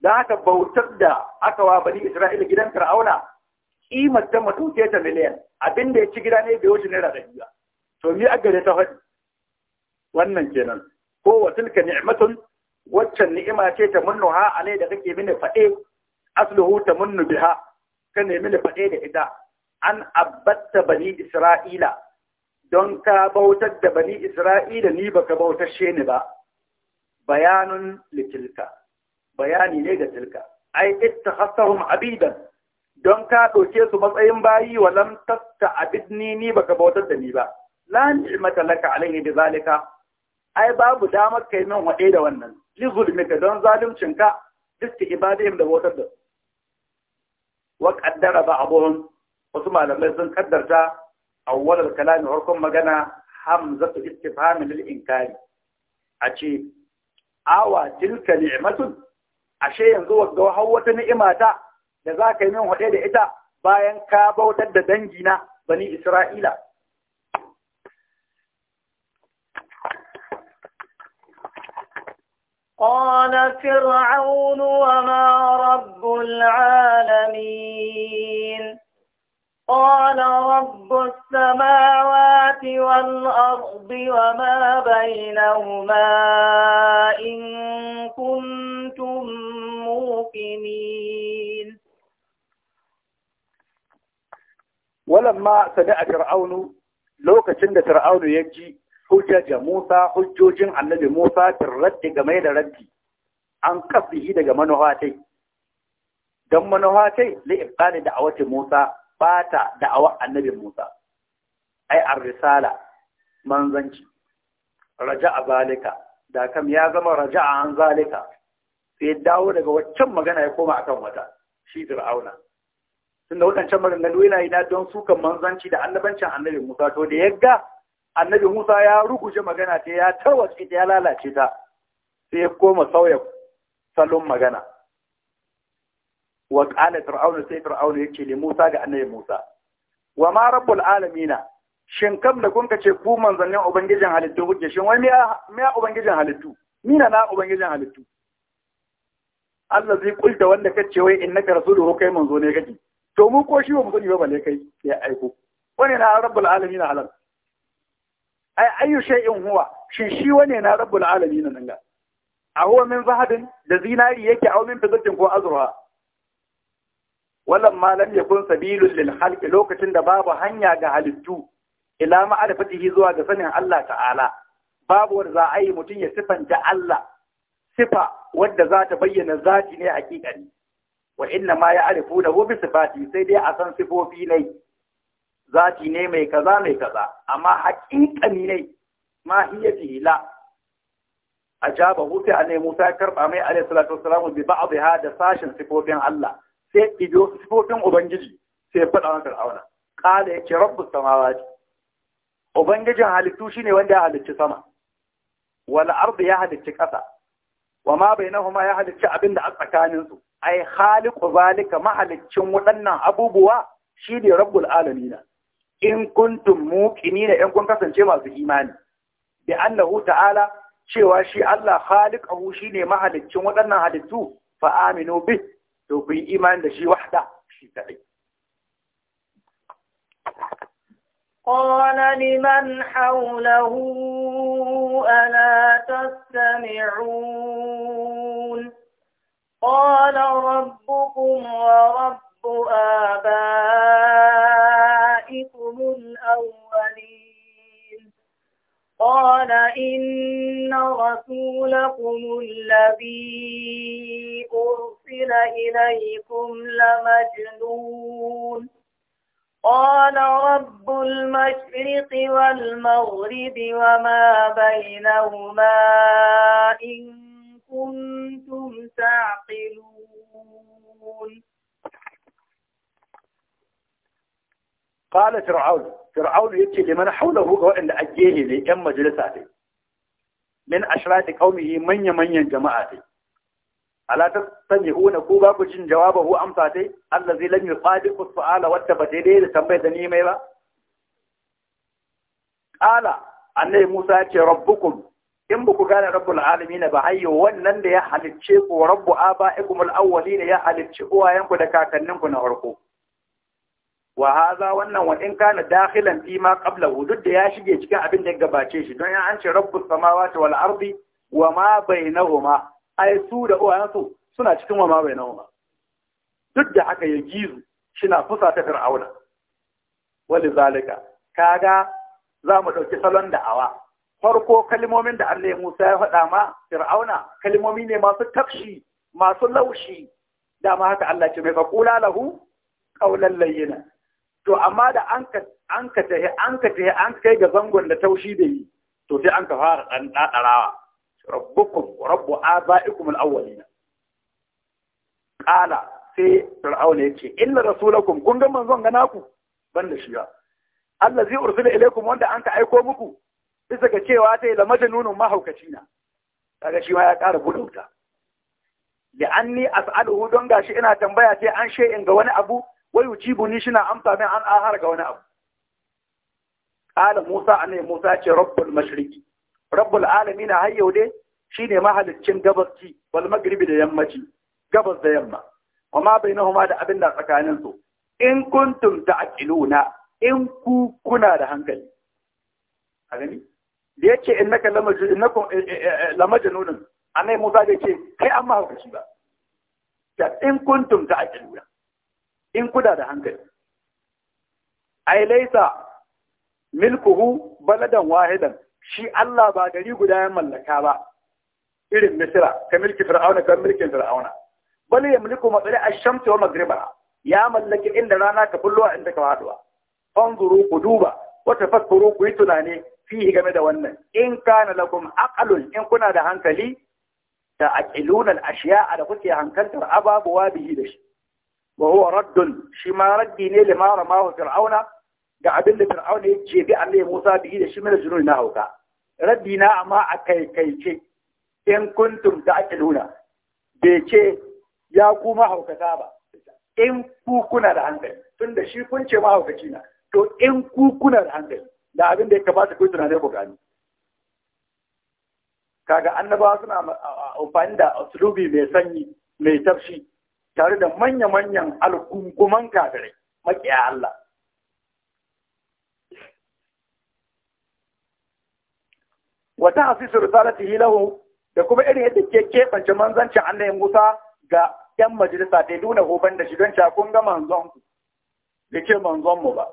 don haka bautar da aka wa bani isra'ila gidan fir'auna kimar ta matuke ta miliyan abin ya ci gida ne bai wuce naira ɗari ba to mi a gare ta faɗi wannan kenan ko wa tilka ni'matun waccan ni'ima ce ta munnu ha alai da kake mini faɗe asluhu ta munnu biha ka nemi ni faɗe da ita an abbatta bani isra'ila don ka bautar da bani isra'ila ni baka bautar she ni ba bayanun litilka bayani ne ga tilka ai ittakhasahum abidan don ka ɗauke su matsayin bayi wa lam a abidni ni baka bautar da ni ba la ni'mata laka alaihi bi zalika ai babu damar kai min waɗe da wannan li zulmika don zaluncin ka disti ibadihim da bautar da wa qaddara ba'dhum wasu malamai sun kaddarta awwal al-kalam harkon magana hamzatu istifham lil inkari a ce awa tilka ni'matun ashe yanzu wagga hawwata ni'imata da za ka yi min haɗe da ita bayan ka bautar da dangina bani Isra'ila. قال فرعون وما رب العالمين قال رب السماوات والأرض وما بينهما إن كنتم موقنين walamma sami'a fir'aunu lokacin da fir'aunu ya ji da Musa hujjojin annabi Musa tirraddi game da raddi an shi daga manuhatai don manuhatai li ibqali da'awati Musa bata da'awa annabi Musa ai ar-risala manzanci raja'a zalika da kam ya zama raja an zalika sai dawo daga waccan magana ya koma akan wata shi fir'auna tunda waɗancan maganganu yana yi na don sukan manzanci da annabancin annabi Musa to da yagga annabi Musa ya ruguje magana ta ya tarwatsi ta ya lalace ta sai ya koma sauya salon magana wa qala fir'auna sai fir'auna yace li Musa ga annabi Musa wa ma rabbul alamina shin kam da kun ce ku manzannin ubangijin halittu kuke shin wai me ya ubangijin halittu mina na ubangijin halittu Allah zai kulta wanda kace wai innaka rasuluhu kai manzo ne kake to mu ko shi ba mu sani ba bale kai ya aiko wani na rabbul alamin halal ai ayu shay'in huwa shin shi wani na rabbul alamin nan ga a huwa min zahadin da zinari yake a min fizatin ko azruha wallan ma lam yakun sabilul lil khalq lokacin da babu hanya ga halittu ila ma'arifatihi zuwa ga sanin Allah ta'ala babu wanda za a yi mutum ya sifanta Allah sifa wadda za ta bayyana zati ne a hakikani wa inna ma ya arifu da hu sifati sai dai a san sifofi ne zati ne mai kaza mai kaza amma haƙiƙani ne ma hiya fihila ajaba hu sai annabi Musa ya karba mai alaihi salatu wassalam bi ba'dha da sashin sifofin Allah sai ido sifofin ubangiji sai ya faɗa wa Fir'auna qala yace rabbus samawati ubangijin halittu shine wanda ya halicci sama wal ardi ya halicci ƙasa wa ma bainahuma ya halicci abinda a tsakanin su ai khaliqu zalika mahaliccin waɗannan abubuwa shine rabbul alamina. in kuntum muqinina in kun kasance masu imani bi annahu ta'ala cewa shi Allah khaliqahu shine mahaliccin waɗannan halittu fa aminu bih to ku yi imani da shi wahda shi kadai قال لمن حوله ألا تستمعون قال ربكم ورب آبائكم الأولين قال إن رسولكم الذي أرسل إليكم لمجنون قال رب المشرق والمغرب وما بينهما إن كنتم تعقلون قال فرعون فرعون يتي لمن حوله وإن أجيه لأم مجلساته من أشراط قومه من يمين جماعته ala na ku ba ku jin ku amsa dai allazi lam yuqadiku su'ala wata ba dai da tambayar da ni mai ba qala annabi Musa ya ce rabbukum in ba ku gane rabbul alamin ba ayyo wannan da ya halicce ku rabbu aba'ikum al da ya halicce uwayenku da kakanninku na farko wa wannan wa in kana dakhilan fi ma qablahu da ya shige cikin abin da ya gabace shi don ya an ce rabbus samawati wal ardi wa ma bainahuma Aisu da uwayensu suna cikin wama bai nawa duk da haka ya gizu na fusa ta fir'auna Wani zalika kaga za mu ɗauki salon da awa. farko kalmomin da Allah Musa ya faɗa ma fir'auna kalmomi ne masu tafshi masu laushi dama haka Allah ce mai faƙula lahu ƙaunar layyina to amma da an ka an an ka tafi an kai ga zangon da taushi da yi to sai an ka fara ɗan ɗaɗarawa rabbukum wa rabbu abaikum al-awwalina qala sai fir'auna yace inna rasulakum kun ga manzon ga naku Allah zai allazi ursila ilaykum wanda an ka aiko muku bisa ga cewa dai la nunin mahaukaci na. shi ma ya ƙara budauta da a ni as'aluhu don gashi ina tambaya sai an shay'in ga wani abu wai ujibu ni shi na amsa min an ga wani abu qala musa ne musa ce rabbul mashriqi rabbul alamin a yau dai shine mahalicin gabaski wal magribi da yammaci gabas da yamma wa bai bainahuma da abin da tsakanin su in kuntum ta'qiluna in ku kuna da hankali a gani da yake innaka nunin, a nai musa da ce kai an mahaukaci ba da in kuntum ta'qiluna in kuna da hankali ai laisa milkuhu baladan wahidan shi Allah ba gari guda ya mallaka ba irin Misira ka milki Fir'auna ka milkin Fir'auna bal yamliku matsari ash-shamsi wa maghribaha ya mallaki inda rana ka bullo inda ka faduwa fanzuru ku duba wa tafakkuru ku yi tunani fihi game da wannan in kana lakum aqalun in kuna da hankali ta aqiluna al-ashya'a da kuke hankaltar ababuwa bihi da shi wa huwa raddun shi ma raddi ne lima ramahu fir'auna ga abin da fir'auna ya jebi Allah Musa bihi da shi min junun na hauka Rabina amma a kaikaice in kuntum da ake nuna bai ce ya kuma haukata ba in ku da hankali tun da shi kun ce mahaukaci na to in ku kuna da hankali da abin da ya kamata ku tunanin ku gani kaga annaba suna amfani da uslubi mai sanyi mai tafshi tare da manya-manyan alkunkuman kafirai maƙiya Allah wa tahsisu risalatihi lahu da kuma irin yadda ke kebance manzancin annabi Musa ga yan majalisa dai duna hoban da shi don ta kun ga manzon ku da ke manzon mu ba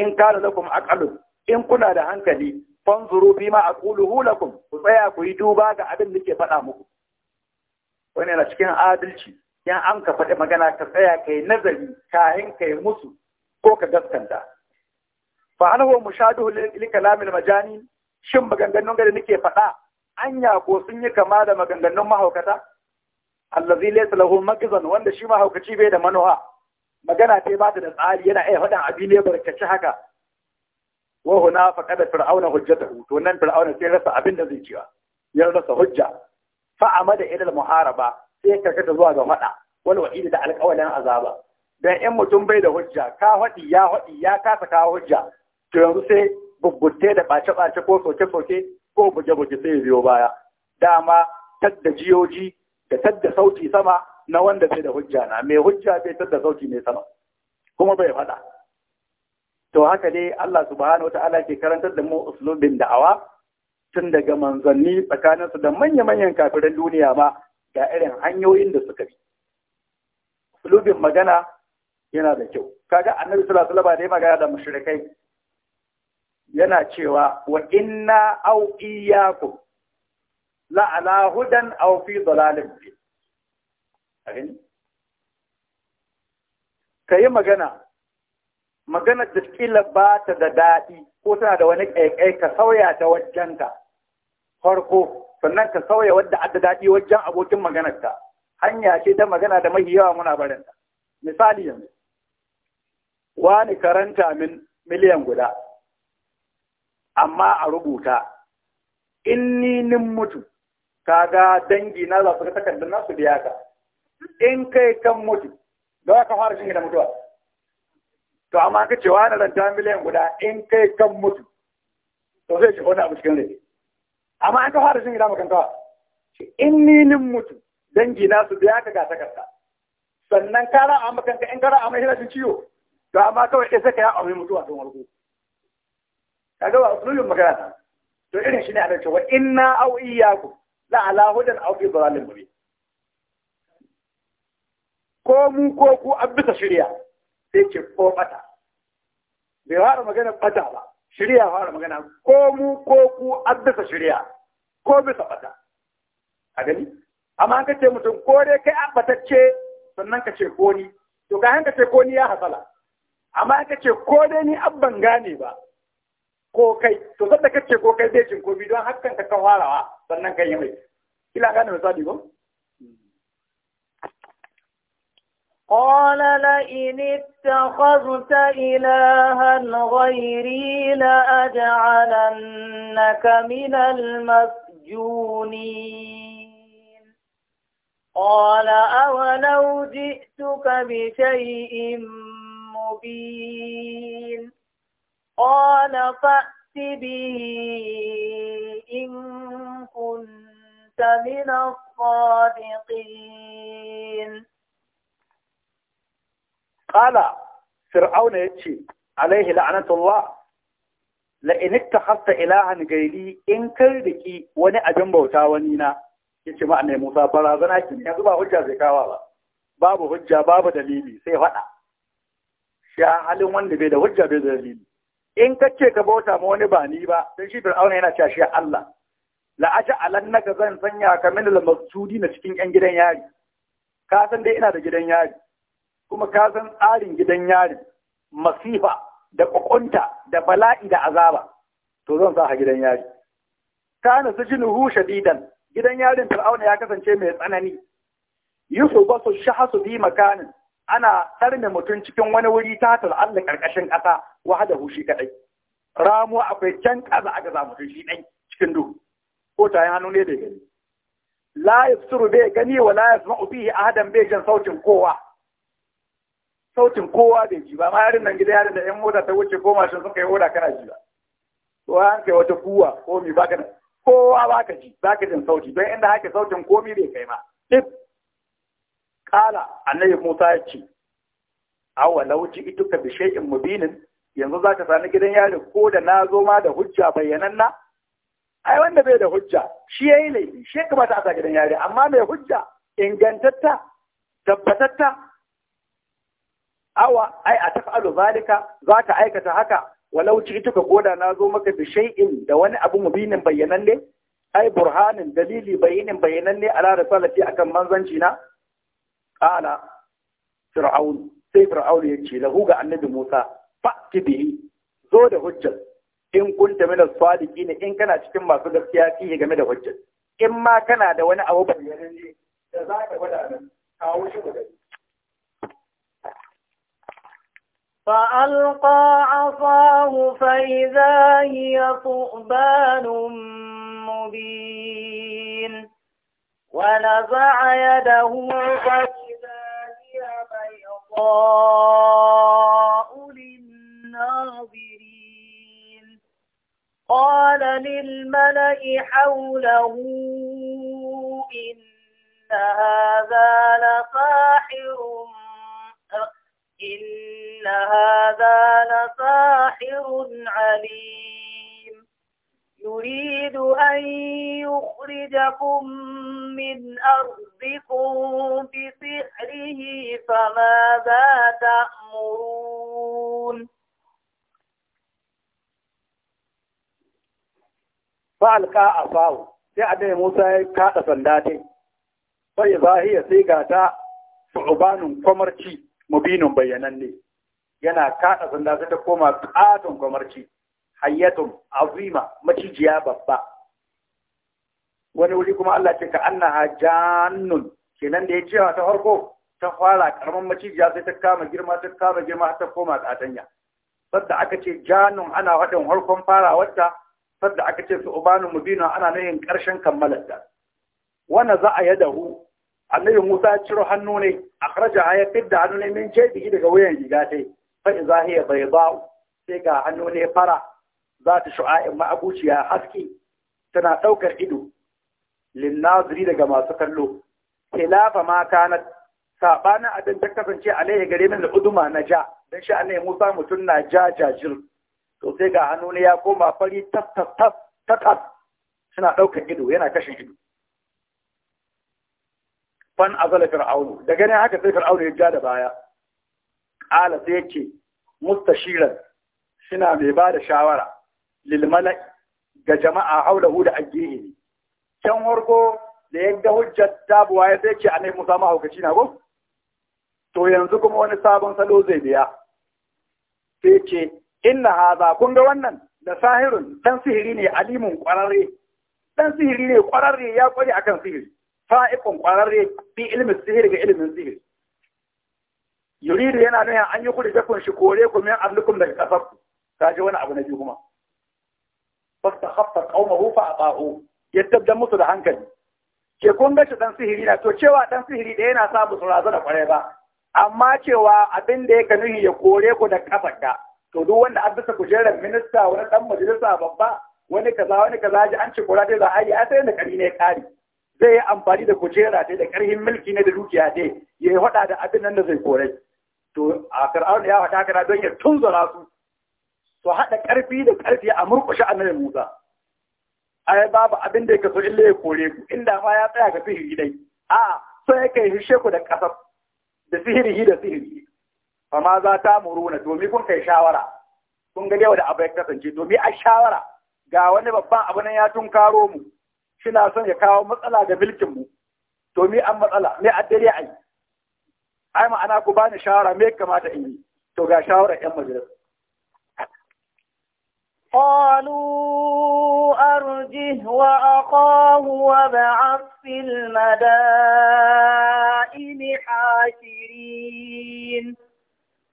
in kana lakum aqalu in kuna da hankali fanzuru a aquluhu lakum ku tsaya ku yi duba ga abin da ke faɗa muku wani yana cikin adalci yan an ka faɗi magana ka tsaya kai nazari kayan kai musu ko ka gaskanta fa mu huwa mushadu li kalamil majani shin maganganun da nake faɗa anya ko sun yi kama da maganganun mahaukata allazi laysa lahu magzan wanda shi mahaukaci bai da manoha magana ta ba ta da tsari yana iya faɗan abin ne barkaci haka wa huna faqad fir'auna hujjatahu to nan fir'auna sai rasa abin da zai ciwa ya rasa hujja fa amada ila muharaba sai kada zuwa ga faɗa wal wa'idi da alqawlan azaba dan in mutum bai da hujja ka faɗi ya faɗi ya kasa kawo hujja to yanzu sai bubbutte da ɓace-ɓace ko soke-soke ko buge-buge sai biyo baya dama tadda jiyoji da tadda sauti sama na wanda sai da hujja na mai hujja bai tadda sauti mai sama kuma bai faɗa to haka dai Allah subhanahu wata'ala ke karantar da mu uslubin da'awa tun daga manzanni tsakaninsu da manya-manyan kafiran duniya ma ga irin hanyoyin da suka bi uslubin magana yana da kyau kaga annabi sallallahu alaihi wasallam dai magana da mushrikai yana cewa wa inna au iyyakum la ala hudan aw fi dalalin mubin kai magana magana da kila ba ta da daɗi ko tana da wani ƙaiƙai ka sauya ta wajenka farko sannan ka sauya wadda adda daɗi wajen abokin maganarka hanya ce ta magana da mahi yawa muna barinta misali yanzu wani karanta min miliyan guda amma a rubuta in ni nin mutu kaga dangi na za su ga takardar nasu biya ka in kai kan mutu da ka fara shi da mutuwa to amma ka ce wani ranta miliyan guda in kai kan mutu to sai shi wani abu cikin rai amma an ka fara shi da makankawa in ni nin mutu dangi na su biya ka ga takarda sannan kara a makanta in kara a mahirashin ciwo to amma kawai sai ka yi a mai mutuwa don warko kaga ba usulul magana to irin shi ne a cewa inna aw iyyakum la ala hudan aw fi dhalalin mubin ko mu ko ku an bisa shirya sai ce ko fata bai fara magana fata ba shari'a fara magana ko mu ko ku an bisa shirya ko bisa fata a gani amma ka ce mutum ko dai kai ce, sannan ka ce ko ni to ka hanka ce ko ni ya hasala amma ka ce ko dai ni abban gane ba ko kai to sanda kace ko kai zai cin komi don hakan ka kan warawa sannan kai yi mai kila gane misali ko قال لئن اتخذت إلها غيري لأجعلنك من المسجونين قال أولو جئتك بشيء مبين قال فأت به إن كنت من الصادقين قال فرعون يتشي عليه لعنة الله لئن اتخذت إلها غيري إن كردك وني أبن بوتا ونينا yace ma annai Musa fara zana ki yanzu ba hujja zai kawa ba babu hujja babu dalili sai fada shi halin wanda bai da hujja bai da dalili in ka ce ka bauta ma wani ba ni ba sai shi fir'auna yana cewa shi Allah la ka zan sanya ka min al-maqsudi na cikin yan gidan yari ka san dai ina da gidan yari kuma ka san tsarin gidan yari masifa da kokunta da bala'i da azaba to zan sa gidan yari kana hu shadidan gidan yarin fir'auna ya kasance mai tsanani Yusuf basu shahasu bi makanin ana tarme mutum cikin wani wuri ta Allah karkashin ƙasa wahada hushi kadai ramuwa akwai can ƙasa aka za mutum shi ɗai cikin duhu ko ta hannu ne da gani la Suru bai gani wa la yasma'u bihi ahadan bai jan sautin kowa sautin kowa bai ji ba ma yarin nan gida yarin da yan mota ta wuce ko mashin suka yi hoda kana ji ba to an kai wata kuwa ko mi baka kowa baka ji baka jin sauti don inda hake sautin komi bai kai ma duk Kala annabi Musa ya ce, Awa lauci ituka bi shay'in mubinin yanzu za ka sani gidan yari ko da na zo ma da hujja bayyananna? Ai wanda bai da hujja shi yayi ne shi kuma a sa gidan yari amma mai hujja ingantatta tabbatatta awa ai a taf'alu zalika za ka aikata haka walau ituka ko da na zo maka bi shay'in da wani abu mubinin bayyananne ai burhanin dalili bayinin bayyananne ala rasulati akan manzanci na ƙala sai fir'aun ya ce lahu ga annabi musa fa'ti bihi zo da hujjar in kunta min as-sadiqin in kana cikin masu gaskiya fiye game da hujjar in ma kana da wani abu bayyananne da za ka gwada nan kawo shi guda فألقى عصاه فإذا هي ثعبان مبين ونزع يده فس للناظرين قال للملأ حوله إن هذا لساحر إن هذا لساحر عليم يريد أن يخرجكم من أرضكم بسحره فماذا تأمرون فألقى أصاو سعد موسى كاد سنداتي فإذا هي سيغاتا ثعبان كمرشي مبين بيانني yana kaɗa sanda sai ta koma ƙaton kwamarci hayyatun azima macijiya babba wani wuri kuma Allah ce ka annaha jannun kenan da ya ce ta farko ta fara karaman macijiya sai ta kama girma ta kama girma ta koma katanya sadda aka ce jannun ana wadan harkon wata sadda aka ce su ubanu mubina ana nayin karshen da Wannan za a yadahu annabi Musa ya ciro hannu ne a akhraja ya fidda hannu ne min jebi daga wayan riga fa iza hiya bayda sai ga hannu ne fara za ta shu'a'in ma'abuciya haske tana ɗaukar ido linnaziri daga masu kallo khilafa ma na sabana abin ta kasance alaihi gare min da uduma na ja dan shi ya Musa mutun na ja jajir to sai ga hannu ne ya koma fari tas tas suna ɗaukar ido yana kashin ido fan azala fir'aunu da ganin haka sai fir'aun ya ja da baya qala sai yace mustashiran suna mai ba da shawara lil ga jama'a haulahu da ajihi can warko da yadda hujjar buwa ya sai ce a nemi musa mahaukaci na ko to yanzu kuma wani sabon salo zai biya sai ce inna haza kun ga wannan da sahirun dan sihiri ne alimun kwararre dan sihiri ne kwararre ya kware akan sihiri fa'iqun kwararre bi ilmin sihiri ga ilmin sihiri yuridu yana nuna an yi kudi da kun shi kore ku min arlukum daga kasar ku ji wani abu na biyu kuma fastakhaffa qaumahu fa ata'u yadda musu da hankali ke kun ga dan sihiri na to cewa dan sihiri da yana sa musu razana kwarai ba amma cewa abin da yake nuhi ya kore ku da kafarka to duk wanda an bisa kujerar minista wani dan majalisa babba wani kaza wani kaza ji an ci kora dai za a yi sai da kari ne kari zai yi amfani da kujera dai da karhin mulki ne da dukiya dai ya yi hada da abin nan da zai kore to a fir'aun ya hada kana don ya tunzura su To haɗa ƙarfi da ƙarfi a murƙushe annabi Musa ai babu abin da yake so illa ya kore ku inda ma ya tsaya ga sihiri dai a so yake hishe ku da ƙasa da sihiri da sihiri fa ma za ta muruna Domin kun kai shawara kun ga da abu ya kasance Domin a shawara ga wani babban abu nan ya tunkaro mu na son ya kawo matsala ga milkin mu Domin an matsala me addare ai ai ma'ana ku bani shawara me kamata in yi to ga shawara yan majalisa قالوا أرجه وأخاه وابعث في المدائن حاشرين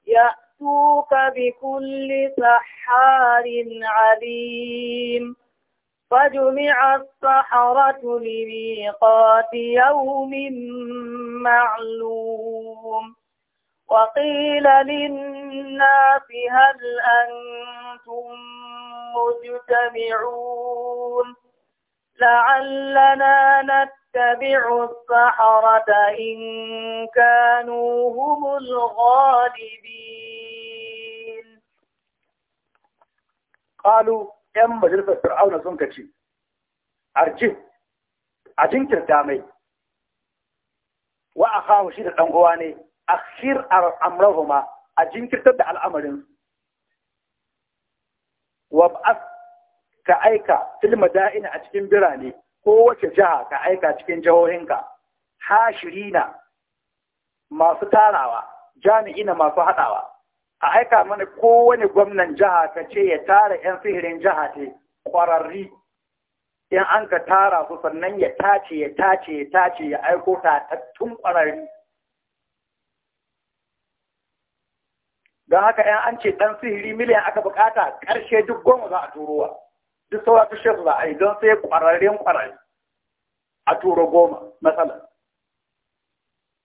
يأتوك بكل سحار عليم فجمع السحرة لميقات يوم معلوم وقيل للناس هل أنتم مجتمعون لعلنا نتبع السحرة إن كانوا هم الغالبين قالوا ‘yan majalisar fir'auna sun kace, arji, a jinkirta mai, wa a kawo shi da ɗan'uwa ne, a shir ma. a jinkirtar da al'amarin wab'as ka aika filma da'ina a cikin birane ko wace jiha ka aika cikin jihohinka hashirina masu tarawa jami'ina masu haɗawa a aika mana kowane gwamnan jiha ka ce ya tara 'yan sihirin jiha ce ƙwararri in an ka tara su sannan ya tace ya tace ya tace ya aiko tatattun ƙwararri don haka yan an ce ɗan sihiri miliyan aka bukata ƙarshe duk goma za a turowa duk sauwa ta shirya za a yi don sai ƙwararren ƙwararri a turo goma matsala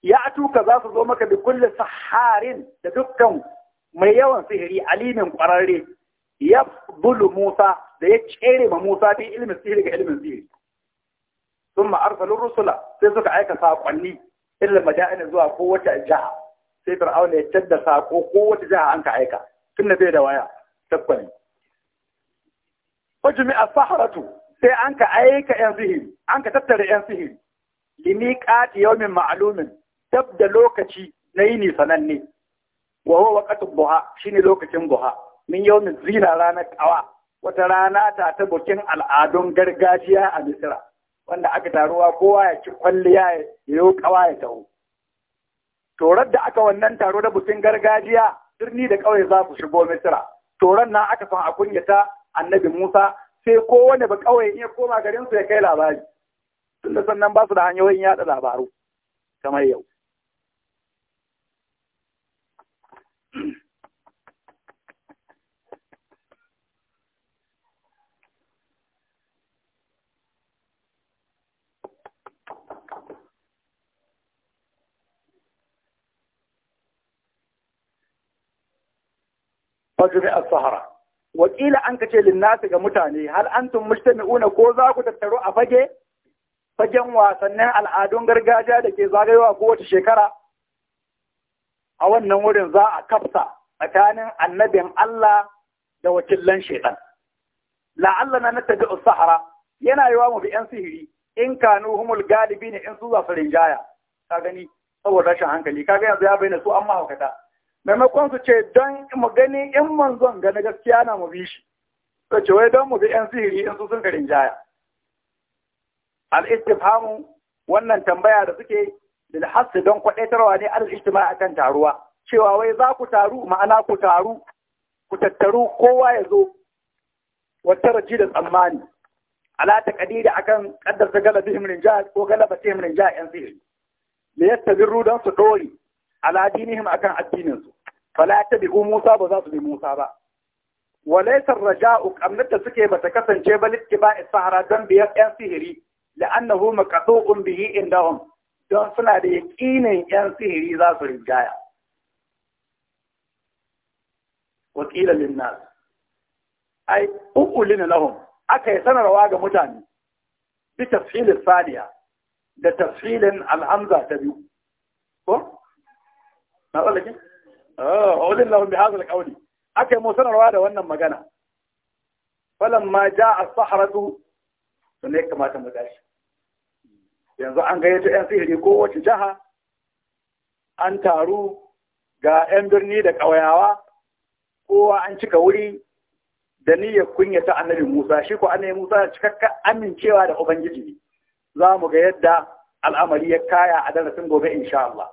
ya tuka za su zo maka da kulle saharin da dukkan mai yawan sihiri alimin ƙwararre ya bulu musa da ya cere ma musa bin ilimin sihiri ga ilimin sihiri sun ma'arsalin rusula sai suka aika saƙonni ilimin maja'ina zuwa kowace jiha sai fir'auna ya da sako ko wata jiha an ka aika tun da bai da waya tabbani wajumi a saharatu sai an ka aika yan sihiri an ka tattara yan sihiri limi qati yawmin ma'lumin tab da lokaci na yini sananne wa huwa waqtu duha shine lokacin duha min yawmin zina ranar kawa wata rana ta ta bukin al'adun gargajiya a misira wanda aka taruwa kowa ya ci kwalliya ya yi kawa ya taho toron da aka wannan taro da bukin gargajiya birni da ƙauye za su shigo misira toron na aka san a kunyata annabi musa sai kowane ba ƙauye iya koma garinsu ya kai labari tunda sannan ba su da hanyoyin yaɗa labaru kamar yau fajmi as-sahara wa an kace linnasi ga mutane hal antum mujtami'una ko za ku tattaru a fage fagen wasannin al'adun gargajiya da ke zagayowa kowace shekara a wannan wurin za a kafsa tsakanin annabin Allah da wakilan shaitan la'alla na natabi sahara yana yiwa mu bi yan sihiri in kanu humul galibi ne in su za su rinjaya ka gani saboda rashin hankali Ka kaga yanzu ya bayyana su an mahaukata maimakon su ce don mu gani in manzon gani gaskiya na mu bi shi ta ce wai don mu bi yan sihiri in su sun karin jaya al'istifamu wannan tambaya da suke bilhassu don kwadaitarwa ne al-ijtima kan taruwa cewa wai za ku taru ma'ana ku taru ku tattaru kowa ya zo wata da tsammani ala taqdiri akan galabi himrin jihar, ko galaba himrin jihar yan sihiri li birru don su dori ala dinihim akan addinin su فلا تبقوا موسى بذات موسى با وليس الرجاء أمنت سكي بتكسن جبل اتباع السهرة ذنبية أن سهري لأنه مقطوع به عندهم دون سنة يقين أن سهري ذات الرجاية وقيل للناس أي أقلن لهم أكي سنة رواق مجاني بتفعيل الثانية لتفعيل الهمزة تبيو ما أقول لك إيه؟ آه أذن لهم بهذا القول أكي موسنا رواده وانا مغانا فلما جاء الصحرة yanzu an gayyato 'yan sihiri ko wacce jiha an taru ga 'yan birni da ƙauyawa kowa an cika wuri da niyyar kunyata annabi Musa shi ko annabi Musa cikakka amincewa da Ubangiji za mu ga yadda al'amari ya kaya a darasin gobe insha Allah